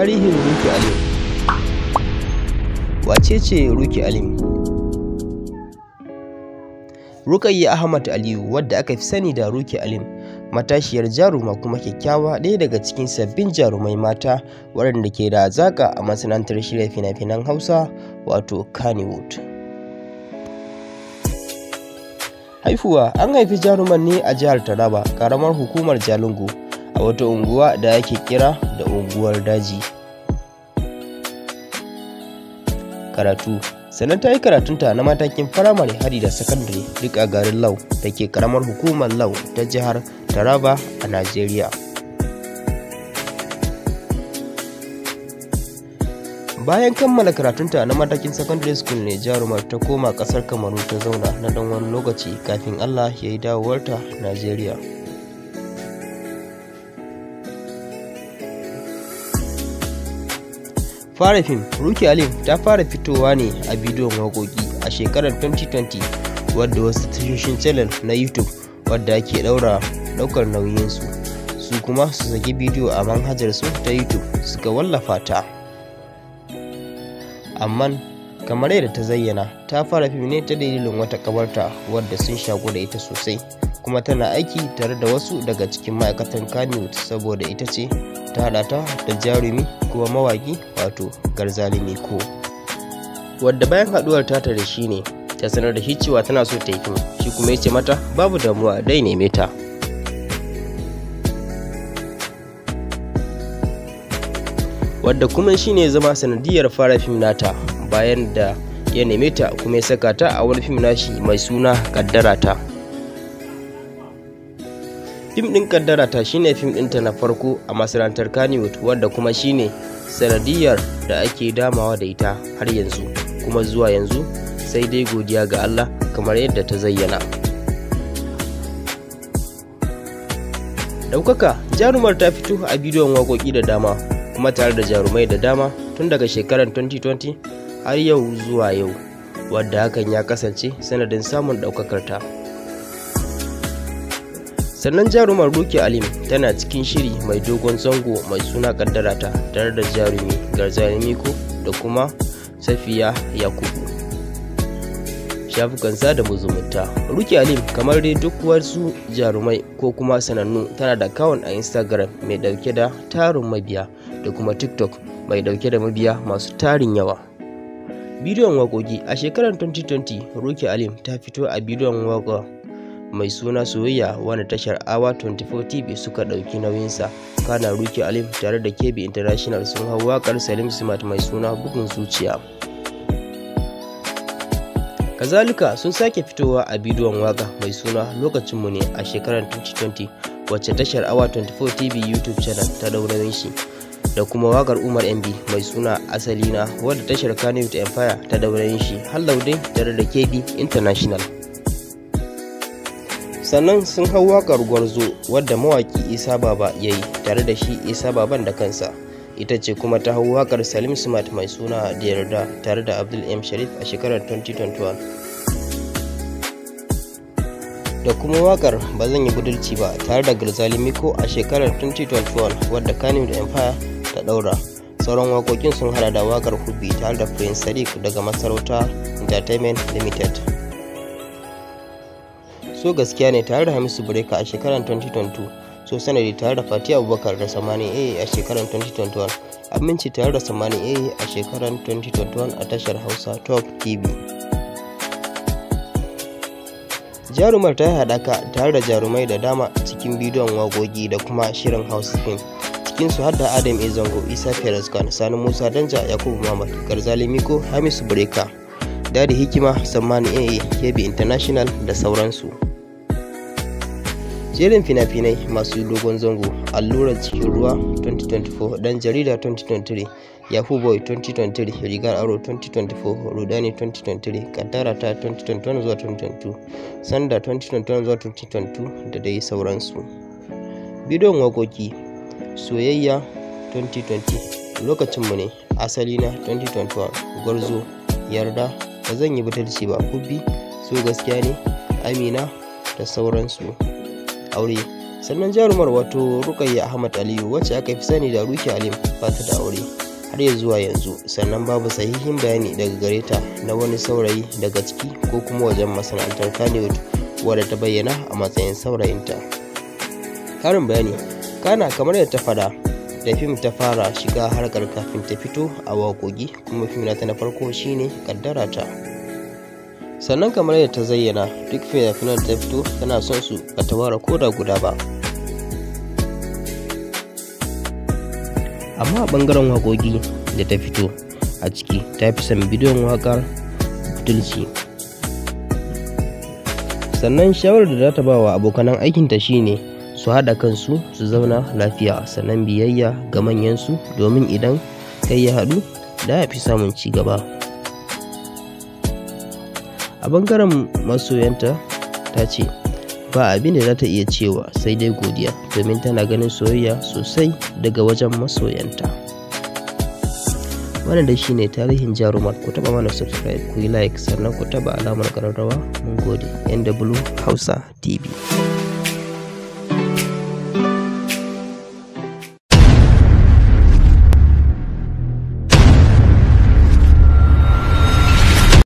Tarihin Ruki Alim Wace ce Ruki Alim? Rukayya Ahmad Aliyu wadda aka fi sani da Ruki Alim matashiyar jaruma kuma kyakkyawa ɗaya daga cikin sabbin jarumai mata waɗanda ke da zaka a masana'antar shirya fina-finan Hausa wato Kannywood. Haifuwa an haifi jaruman ne a jihar Taraba, ƙaramar hukumar Jalingo. a wata unguwa da ake kira da unguwar daji karatu sannan ta yi karatunta na matakin firamare hari da sakandare duk a garin lau da ke karamar hukumar lau ta jihar taraba a najeriya bayan kammala karatunta na matakin secondary school ne jarumar ta koma kasar kamaru ta zauna na dan wani lokaci kafin allah ya yi dawowarta najeriya fara fim ruki alim ta fara fitowa ne a bidiyon waƙoƙi a shekarar 2020 wadda wasu tashoshin channel na youtube wadda ake ɗaura ɗaukar nauyinsu su kuma su saki bidiyo a manhajar su ta youtube suka wallafa ta amma kamar yadda ta zayyana ta fara fim ne ta dalilin wata kabarta wadda sun shago da ita sosai kuma tana aiki tare da wasu daga cikin ma'aikatan kanewood saboda ita ce ta haɗa da jarumi kuma mawaki wato garzali miko. wadda bayan haɗuwar tata da shi ne ta sanar da shi cewa tana so ta yi shi kuma ya ce mata babu damuwa dai neme ta wadda kuma shi ne zama sanadiyar fara fim nata bayan da ya neme ta kuma ya saka ta a wani fim nashi mai suna kaddara ta fim ɗin kaddara ta shine fim ɗinta na farko a masarantar Kaniwood wadda kuma shine sanadiyar da ake damawa da ita har yanzu kuma zuwa yanzu sai dai godiya ga allah kamar yadda ta zayyana ɗaukaka jarumar ta fito a bidiyon waƙoƙi da dama kuma tare da jarumai da dama tun daga shekarar 2020 har yau zuwa yau wadda hakan ya kasance sanadin samun ɗaukakarta. ta sannan jarumar ruki alim tana cikin shiri mai dogon zango mai suna Kaddara ta, tare da jarumi garzani miko da kuma safiya yakubu shafukan sada muzumunta, ruki alim kamar dai duk wasu jarumai ko kuma sanannu tana da kawon a instagram mai dauke da tarin mabiya da kuma tiktok mai dauke da mabiya masu tarin yawa bidiyon waƙoƙi a shekarar 2020 ruki Alim ta fito a bidiyon waƙa mai suna soyayya wanda tashar awa 24 tv suka ɗauki nauyinsa kana ruki alif tare da kb international sun hau wakar salim smart mai suna bugun zuciya kazalika sun sake fitowa a bidiyon waka mai suna lokacinmu ne a shekarar 2020 wacce tashar awa 24 tv youtube channel ta daunarin shi da kuma wakar umar mb mai suna asalina wadda tashar kano empire ta daunarin shi har laudai tare da kb international sannan sun hau waƙar gwarzo wadda mawaki isa baba ya yi tare da shi isa baban da kansa ita ce kuma ta hau waƙar salim smart mai suna da yarda tare da abdul m sharif a shekarar 2021 da kuma waƙar ba zan yi budurci ba tare da garzali miko a shekarar 2021 wadda kanin da empire ta ɗaura sauran waƙoƙin sun hada da waƙar hubi tare da prince sadiq daga masarauta entertainment limited so gaskiya ne tare da hamisu Bureka a shekarar 2022 so sanadi tare da fati abubakar da samani a a shekarar 2021 aminci tare da samani a a shekarar 2021 a tashar hausa top tv jarumar ta yi haɗaka tare da jarumai da dama cikin bidiyon wagogi da kuma shirin house film cikinsu su da adam ezango isa perez sani musa danja yakubu mamad garzali miko hamisu Bureka. Dadi Hikima, Sammanu AA, KB International da sauransu. Jerin fina-finai masu dogon zango, Allurar cikin ruwa 2024, Dan jarida 2023, Yahoo Boy 2023, Rigar Aro 2024, Rudani 2023, Kantara ta 2021 zuwa 2022, Sanda 2021 zuwa 2022 da dai sauransu. Bidon Wakoki Soyayya 2020, Lokacinmu ne, Asali na 2021, Gwarzo yarda ba zan yi butulci ba kubi su gaskiya ne amina da sauransu aure sannan jarumar wato rukayya ahmad aliyu wacce aka fi sani da ruki alim ba ta da aure har ya zuwa yanzu sannan babu sahihin bayani daga gare ta na wani saurayi daga ciki ko kuma wajen masana'antar kanewood wadda ta bayyana a matsayin saurayinta karin bayani kana kamar yadda ta fada da fim ta fara shiga harkar kafin ta fito a waƙoƙi kuma fim ta na farko shine kaddara ta sannan kamar yadda ta zayyana duk fina-finan ta fito tana son su ba ta ware koda guda ba amma a ɓangaren waƙoƙi da ta fito a ciki ta fi son bidiyon waƙar dulci sannan shawarar da za ta ba wa abokanan aikinta shine su haɗa kansu su zauna lafiya sannan biyayya ga manyansu domin idan kai ya haɗu da ya fi samun ci gaba a bangaren masoyanta ta ce ba abin da za ta iya cewa sai dai godiya domin tana ganin soyayya sosai daga wajen masoyanta wannan da shine tarihin jarumar ku taba mana subscribe ku yi like sannan ku taba alamar kararrawa mun gode nw hausa tv